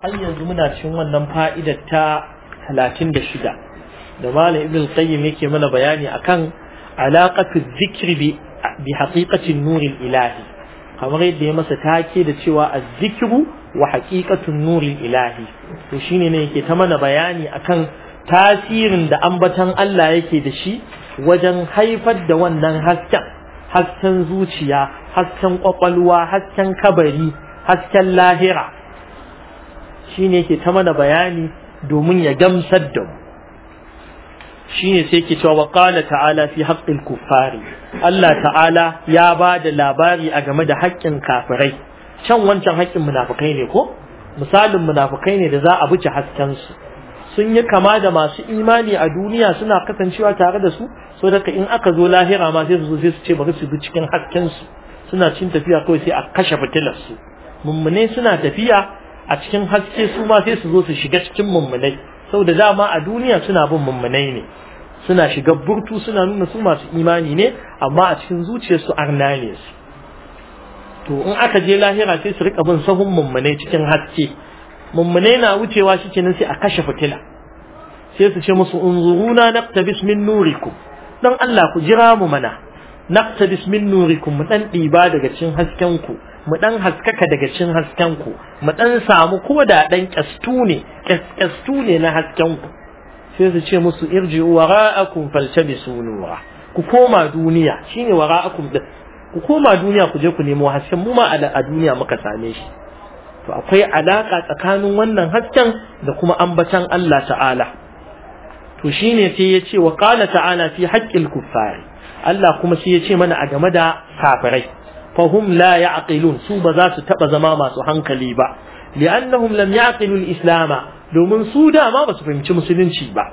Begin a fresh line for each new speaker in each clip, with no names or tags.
har yanzu muna cikin wannan fa'idar ta 36 da malam ibn qayyim yake mana bayani akan alaqatu dhikri bi bi haqiqati nuril ilahi kamar yadda ya masa take da cewa az wa haqiqatu nuril ilahi to shine ne yake ta mana bayani akan tasirin da ambatan Allah yake da shi wajen haifar da wannan hasken hasken zuciya hasken kwakwalwa hasken kabari hasken lahira ne yake ta mana bayani domin ya gamsar da mu Shi ne sai ke cewa waƙala ta'ala fi haƙƙin kufari. Allah ta'ala ya ba da labari a game da haƙƙin kafirai can wancan haƙƙin munafukai ne ko misalin munafukai ne da za a buce hasken su sun yi kama da masu imani a duniya suna kasancewa tare da su so daga in aka zo lahira ma sai su sai su ce bari su bi cikin haskensu suna cin tafiya kawai sai a kashe fitilarsu. mummune suna tafiya a cikin haske su ma sai su zo su shiga cikin mummunai sau da dama a duniya suna bin mummunai ne suna shiga burtu suna nuna su masu imani ne amma a cikin zuciyarsu arna ne su to in aka je lahira sai su rika bin sahun mummunai cikin haske mummunai na wucewa na sai a kashe fitila sai su ce musu unzuruna naqtabis min nurikum dan Allah ku jira mu mana naqtabis min nurikum mu dan diba daga cikin hasken ku mu dan haskaka daga cin hasken ku mu dan samu ko da dan kastu ne kastu ne na hasken ku sai su ce musu irji wara'akum faltabisu nura ku koma duniya shine wara'akum din ku koma duniya ku je ku nemo hasken mu ma a duniya muka same shi to akwai alaka tsakanin wannan hasken da kuma ambatan Allah ta'ala to shine sai ya ce wa qala ta'ala fi haqqil kuffari Allah kuma sai ya ce mana a game da kafirai fahum la ya'qilun su ba za su taba zama masu hankali ba li'annahum lam ya'qilu al-islam domin su dama ba su fahimci musulunci ba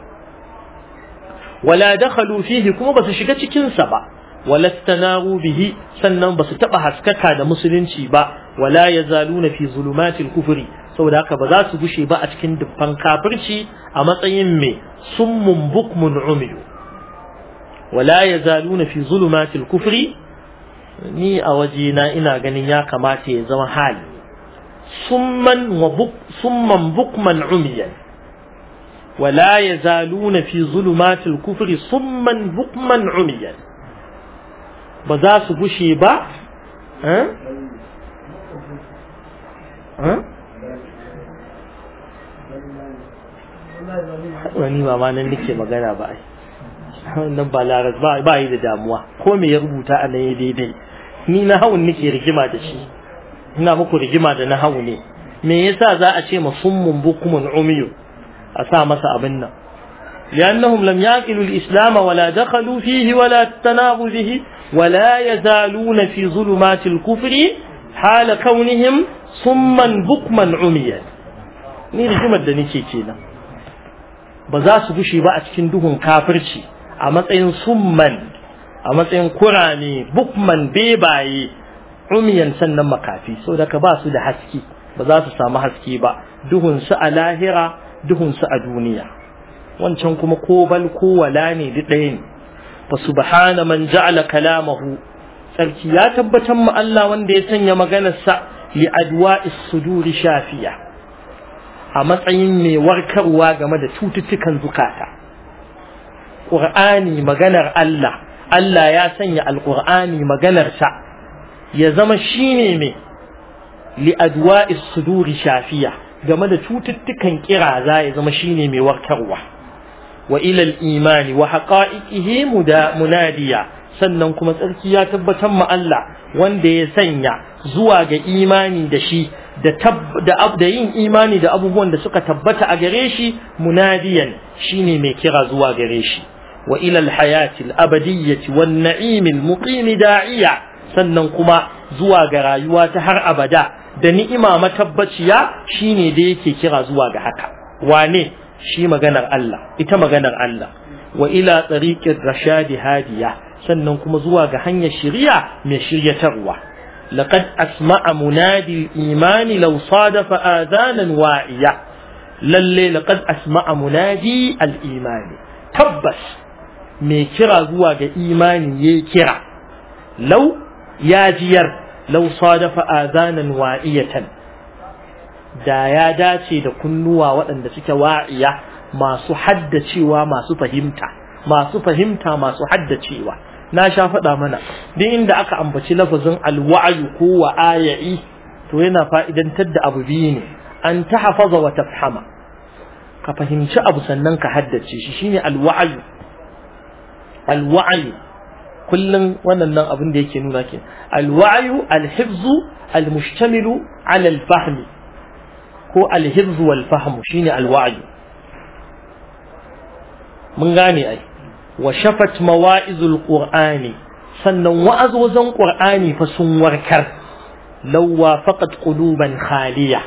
wala dakhalu fihi kuma ba su shiga cikin sa ba wala stanaru bihi sannan ba su taba haskaka da musulunci ba wala yazaluna fi zulumatil kufri saboda haka ba za su gushe ba a cikin dubban kafirci a matsayin me summun bukmun umiyu wala yazaluna fi zulumatil kufri ni a wajena ina ganin ya kamata ya zama hali summan bukman umiyan wala ya zaluna fi zulumatul kufri summan bukman umiyan ba za su gushe ba eh? eh? wani ba ma nan nake magana ba ai nan ba laras ba yi da damuwa ko me ya rubuta a nan ya daidai ni na hawan nake rigima da shi ina muku rigima da na hawu ne me yasa za a ce masummun bukumun umiyu a sa masa abin nan لأنهم لم يعقلوا الإسلام ولا دخلوا فيه ولا اقتنعوا به ولا يزالون في ظلمات الكفر حال كونهم صما بكما عميا ni rigimar da nake kenan ba za su gushe ba a cikin duhun kafirci a matsayin summan a matsayin kurame bukman bebaye umiyan sannan makafi so daga ba su da haske ba za su samu haske ba duhun su a lahira duhun su a duniya wancan kuma ko balko wala ne duk ɗaya ne Ba su bahana man ja'ala kalamahu sarki ya tabbatar mu Allah wanda ya sanya maganarsa li adwa'is shafiya a matsayin mai warkarwa game da cututtukan zukata Qur'ani maganar Allah Allah ya sanya Alƙur'ani maganarsa ya zama shine mai li adwa'is shafiya game da cututtukan kiraza ya zama shine mai warkarwa wa ila imani wa da munadiya sannan kuma tsarki ya tabbatar ma Allah wanda ya sanya zuwa ga imani da shi da yin imani da abubuwan da suka tabbata a gare shi munadiyan shine mai kira zuwa gare shi وإلى الحياة الأبدية والنعيم المقيم داعية sannan kuma zuwa ga rayuwa ta har abada da ni'ima matabbaciya shine da yake kira zuwa ga haka wane shi maganar Allah ita maganar Allah wa ila tariqir rashadi hadiya sannan kuma zuwa ga hanyar shari'a mai shiryatarwa laqad asma'a munadi imani law sadafa adanan wa'iya lalle laqad asma'a munadi al-imani tabbas mai kira zuwa ga imani ya kira lau ya jiyar lau sadafa azanan wa'iyatan da ya dace da kunnuwa waɗanda suke wa'iya masu haddacewa masu fahimta masu fahimta masu haddacewa na sha faɗa mana duk inda aka ambaci lafazin alwa'ayu ko wa'ayayi to yana fa'idantar da abu biyu ne an ta hafaza wa tafhama ka fahimci abu sannan ka haddace shi shine alwa'ayu alwa'ayu kullum wannan abin da yake nuna ke alwa'ayu Alhibzu, almushtamilu ala alfahmi ko Alhibzu wal fahmu shine alwa'ayu mun gane ai wa shafat mawa'izul qur'ani sannan wa'azozan qur'ani fa sun warkar law faqat quluban khaliya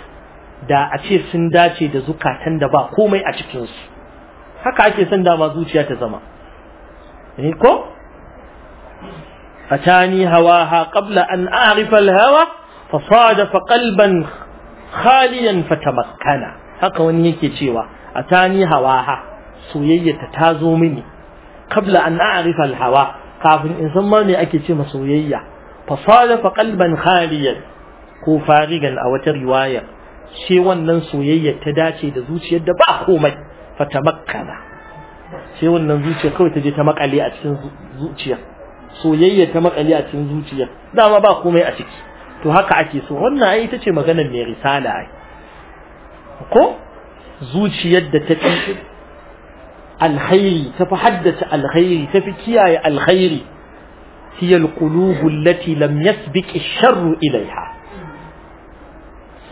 da a ce sun dace da zukatan da ba komai a cikinsu haka ake son dama zuciya ta zama يعني أتاني هواها قبل أن أعرف الهوى فصادف قلبا خاليا فتمكن هكا ونيكي تيوا أتاني هواها سويية تتازو مني قبل أن أعرف الهوى كافن إنسان ما نأكي تيما سويية فصادف قلبا خاليا كو فارغا أو ترواية شيوان ننسو يي تداتي دزوشي يدبا أخومي فتمكن sai wannan zuciya kawai ta je ta makale a cikin zuciya soyayya ta makale a cikin zuciya dama ba komai a ciki to haka ake so wannan ai ita ce maganar mai risala ai ko zuciyar da ta fi alkhairi ta fi haddace alkhairi ta fi kiyaye alkhairi hiya alqulubu allati lam yasbiq ash-sharr ilaiha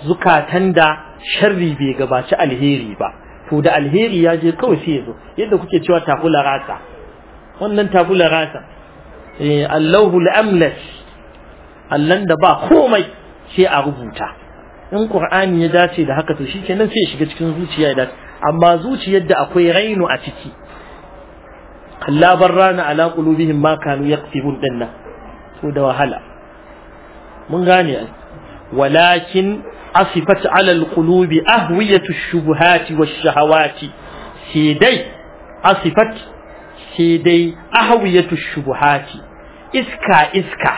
zukatan da sharri bai gabaci alheri ba to da alheri ya je kawai sai ya zo yadda kuke cewa takula rasa wannan takula rasa eh allahu al-amlas allan da ba komai sai a rubuta in qur'ani ya dace da haka to shikenan sai ya shiga cikin zuciya da amma zuciyar da akwai rainu a ciki kalla rana ala qulubihim ma kanu yaqtibun dinna to da wahala mun gane walakin أصفت على القلوب أهوية الشبهات والشهوات سيدي أصفت سيدي أهوية الشبهات إسكا إسكا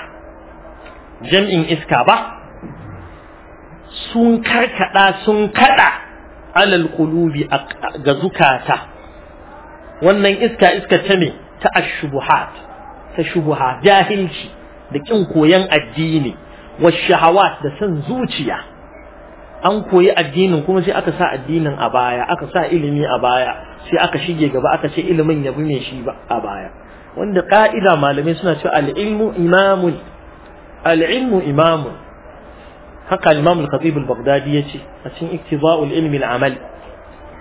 جمع إسكا با سنكر كدا على القلوب غزكاتا wannan iska iska ta me ta ashubuhat ta shubuha jahilci da kin koyan addini wa shahawat da san zuciya an koyi addinin kuma sai aka sa addinin a baya aka sa ilimi a baya sai aka shige gaba aka ce ilimin ya bune shi a baya wanda ka'ida malamai suna cewa al'ilmu imamun al'ilmu imamun haka al khatib al-baghdadi yace a cikin iktiza'ul ilmi al-amal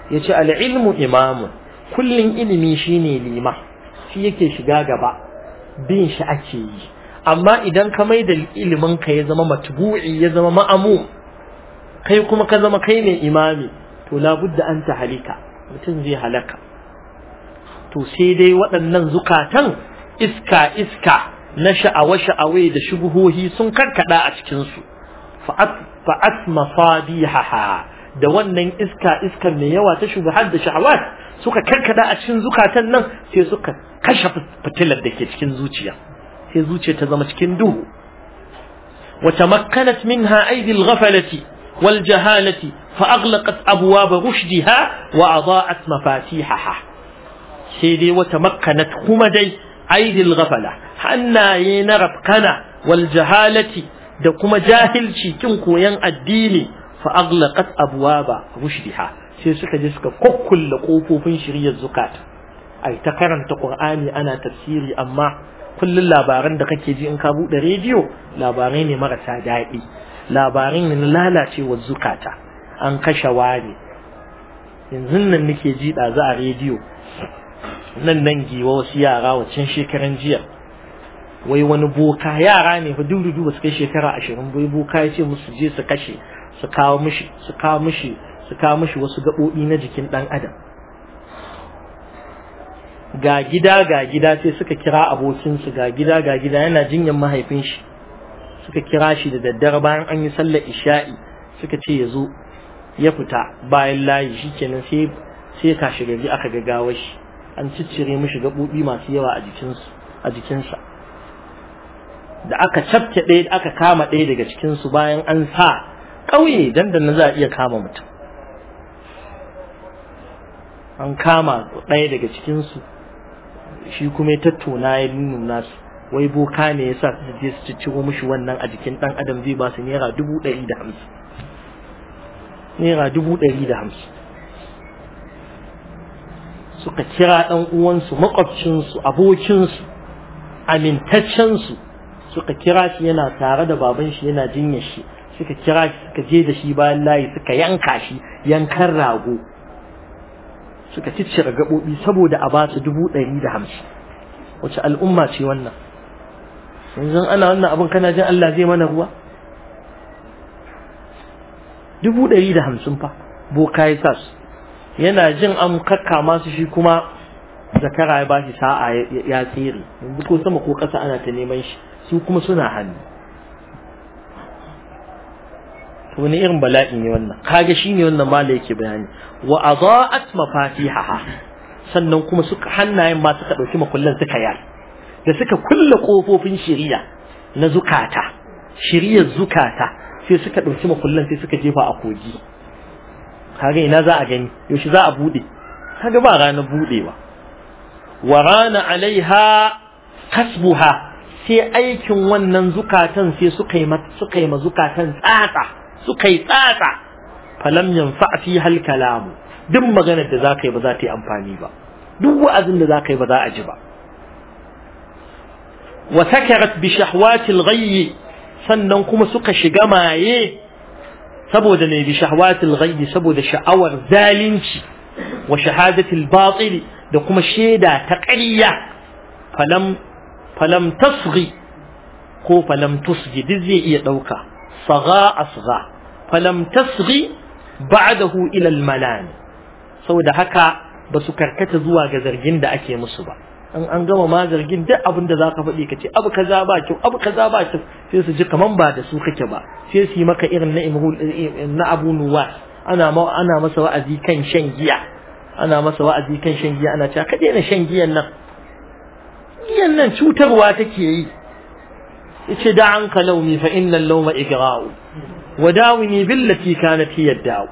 yace al imamun kullun ilimi shine lima shi yake shiga gaba bin shi ake yi amma idan ka mai da ilimin ka ya zama matbu'i ya zama ma'amu kai kuma ka zama kai ne imami to labudda an ta halika mutum zai halaka to sai dai waɗannan zukatan iska iska na sha'awa sha'awai da shubuhohi sun karkada a cikinsu fa'at haha. da wannan iska iskar mai yawa ta shubuhar da sha'awa suka karkada a cikin zukatan nan sai suka kashe fitilar da ke cikin zuciya sai zuciya ta zama cikin duhu wata makkanat minha aidil ghafalati wal jahalati fa aghlaqat abwab rushdiha wa adaa'at mafatihaha sai dai wata makkanat kuma dai aidil ghafala hannaye na rafkana wal jahalati da kuma jahilci kin koyan addini fa aghlaqat abwaba rushdiha sai suka je suka kokkulle kofofin shiriyar zukata ai ta karanta ƙur'ani ana tafsiri amma kullum labaran da kake ji in ka buɗe rediyo labarai ne marasa daɗi labarin na wa zukata an kashe wani yanzu nan nake ji ɗazu a rediyo nan nan giwa wasu yara wacin shekaran jiya wai wani boka yara ne fa duk duk su kai shekara ashirin bai boka ya ce musu je su kashe su kawo mishi su kawo mishi su kawo mishi wasu gaɓoɓi na jikin ɗan adam ga gida ga gida sai suka kira abokinsu ga gida ga gida yana jinyan mahaifin shi suka kira shi da daddare bayan an yi sallar isha'i suka ce ya zo ya fita bayan layi shi kenan sai sai shiga aka gaggawa shi an ciccire mishi gaɓoɓi masu yawa a jikinsa da aka cafke ɗaya aka kama ɗaya daga cikinsu bayan an sa ƙauye na za a iya kama mutum an kama ɗaya daga cikinsu shi kuma ya tattona ya nuna su. wai boka ne yasa su je su cicciro mushi wannan a jikin dan adam zai ba su naira dubu ɗari da hamsin naira dubu ɗari da hamsin suka kira ɗan uwansu maƙwabcinsu, abokinsu amintaccensu suka kira shi yana tare da baban shi yana jinyar shi suka kira shi suka je da shi bayan layi suka yanka shi yankan rago suka ciccire gaɓoɓi saboda a ba su dubu ɗari da hamsin wace al'umma ce wannan yanzu ana wannan abin kana jin Allah zai mana ruwa dubu ɗari da hamsin fa boka ya sa yana jin an kakka masu shi kuma zakara ya bashi sa'a ya tsere yanzu ko sama ko ƙasa ana ta neman shi su kuma suna hannu wani irin bala'i ne wannan kaga shi ne wannan mala yake bayani wa adaat mafatihaha sannan kuma suka hannayen ma suka ɗauki makullan suka yi. da suka kulle kofofin shirya na zukata shiriyar zukata sai suka ɗauki makullan sai suka jefa a kogi kaga ina za a gani yaushe za a buɗe kaga ba ranar buɗewa wa rana alaiha kasbuha sai aikin wannan zukatan sai suka yi suka yi zukatan tsatsa suka yi tsatsa falam yanfa fi hal kalamu duk maganar da zakai ba za ta yi amfani ba duk wa'azin da zakai ba za a ji ba wa sakarat bi shahwatil ghayyi sannan kuma suka shiga maye saboda ne bi shahwatil ghayyi saboda sha'awar zalunci wa shahadatil batil da kuma sheda ta ƙarya falam falam tasghi ko falam tusghi duk zai iya dauka saga asgha falam tasghi ba'dahu ila al malan saboda haka ba su karkata zuwa ga zargin da ake musu ba an an gama ma zargin duk abin da zaka faɗi ka ce abu kaza ba kyau abu kaza ba kyau sai su ji kaman ba da su kake ba sai su yi maka irin na imrul na abu nuwas ana ma ana masa wa'azi kan shan giya ana masa wa'azi kan shan giya ana cewa ka daina shan giyan nan giyan nan cutarwa take yi yace da an ka launi fa innal lawma igra'u wa dawini billati kanat hiya dawo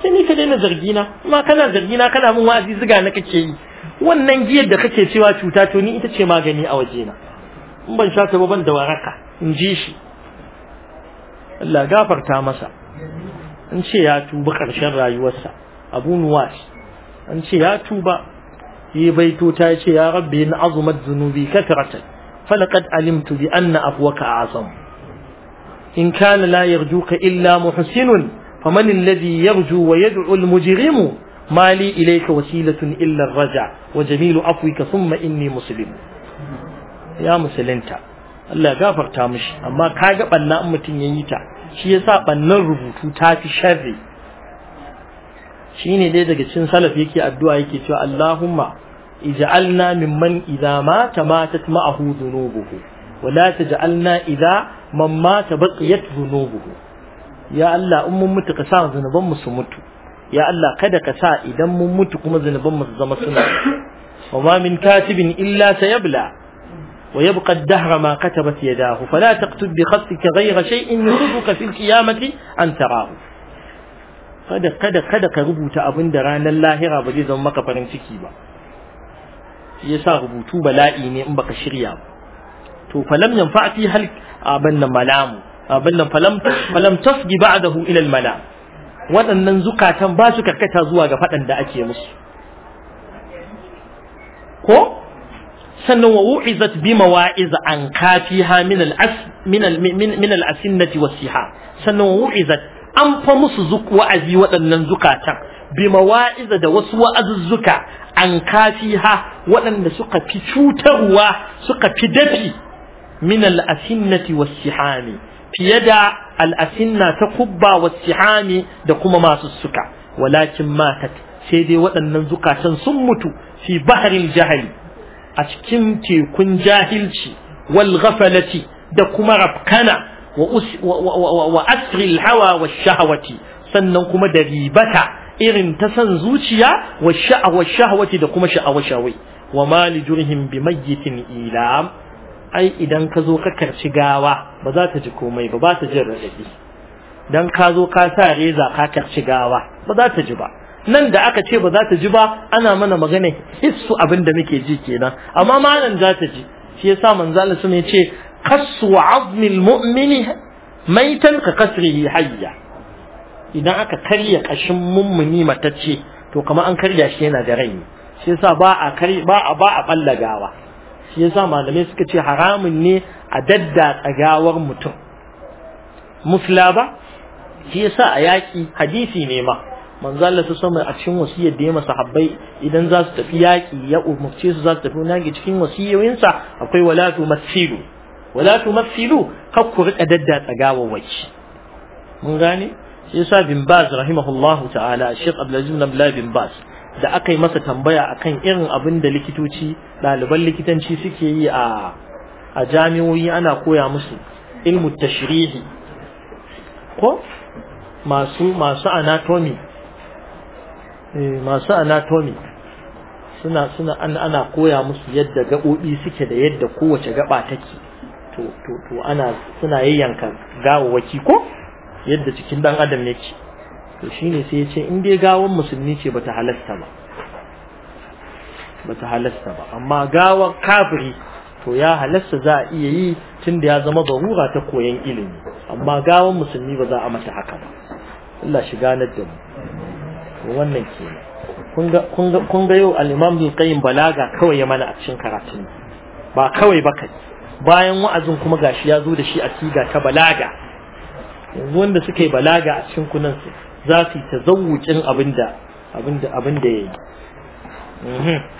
yace ni ka daina zargina ma kana zargina kana mun wa'azi ziga na kake yi wannan giyar da kake cewa cuta to ni ita ce magani a wajena in ban sha ta ba ban da waraka in ji shi Allah gafarta masa an ce ya tuba ƙarshen rayuwarsa abu nuwas an ce ya tuba yi baito ta ce ya rabbi na azumar zunubi kataratan falakad alimtu bi anna afwaka azam in kana la yarjuka illa muhsinun faman alladhi yarju wa yad'u al mujrimu mali ilaika wasilatun illar raja wa jamilu afwika thumma inni muslim ya musulunta Allah ya gafarta mishi amma kaga banna in mutun yayi ta shi yasa bannan rubutu ta fi sharri shine dai daga cikin salaf yake addu'a yake cewa Allahumma ij'alna mimman idza mata matat ma'ahu dhunubuhu wa la taj'alna idza man mata baqiyat dhunubuhu ya Allah in mun mutu ka sa zunuban mu su mutu ya Allah kada ka sa idan mun mutu kuma zunuban mu zama suna wa ma min katibin illa sayabla wa yabqa ad-dahr ma katabat yadahu fala taqtub bi khatika ghayra shay'in yusibuka fil qiyamati an tarahu kada kada kada ka rubuta abin da ranar lahira ba zai zama maka farin ciki ba yasa rubutu bala'i ne in baka shirya ba to falam yanfa fi hal abanna malamu abanna falam falam tasgi ba'dahu ila al-malam waɗannan zukatan ba su karkata zuwa ga faɗan da ake musu ko sannan wa wu'izat bi mawa'iz an kafiha min al-as min min al-asinnati was-siha sannan wu'izat an fa musu zuk wa'azi waɗannan zukatan bi mawa'iz da wasu wa'azuzzuka an kafiha waɗanda suka fi cutarwa suka fi dafi min al-asinnati was-sihami fiye da al'asinna ta kubba wa sihami da kuma masu suka walakin matat sai dai waɗannan zukatan sun mutu fi baharin jahali a cikin tekun jahilci wal ghafalati da kuma rafkana wa asril hawa wa shahawati sannan kuma da ribata irin ta san zuciya wa sha'awa shahawati da kuma sha'awar shawai wa ma jurhim bi mayyitin ilam ai idan ka zo ka karci gawa ba za ta ji komai ba ba ta jin radadi dan ka zo ka sa reza ka karci gawa ba za ta ji ba nan da aka ce ba za ta ji ba ana mana magana hissu abin da muke ji kenan amma malam za ta ji shi yasa manzo Allah sun ce kasu azmil mu'mini maitan ka kasrihi hayya idan aka karya kashin mummuni matacce to kamar an karya shi yana da rai shi yasa ba a ba a ba a ballagawa shi yasa malamai suka ce haramun ne a dadda tsagawar mutum musla ba shi yasa a yaƙi hadisi ne ma manzo Allah sama a cikin wasiyar da ya masa habbai idan za su tafi yaƙi ya umurce su za su tafi nage cikin wasiyoyinsa akwai wala tumassilu wala tumassilu kar ku rika dadda waki mun gane shi yasa bin baz rahimahullahu ta'ala Sheikh Abdulaziz bin Abdullah bin Baz da aka yi masa tambaya akan irin abin da likitoci ɗaliban likitanci suke yi a a ana koya musu ilmu tashrihi ko masu masu anatomy eh, masu anatomy suna suna ana koya musu yadda gaɓoɓi suke da yadda kowace gaɓa take to to to ana suna yayyanka gawawaki ko yadda cikin ɗan adam yake to shine sai ya ce in dai gawan musulmi ce bata halasta ba bata halasta ba amma gawar kafiri to ya halasta za a iya yi tunda ya zama barura ta koyan ilimi amma gawan musulmi ba za a mata haka ba Allah shi ganar da mu wannan ke ne kun ga yau al'imam imam Balaga kawai ya mana a cikin karatun ba kawai ba kai bayan wa'azin kuma gashi ya zo da shi a siga ta balaga yanzu wanda suka yi balaga a cikin kunan su za su yi tazawucin abinda abinda ya yayi mhm.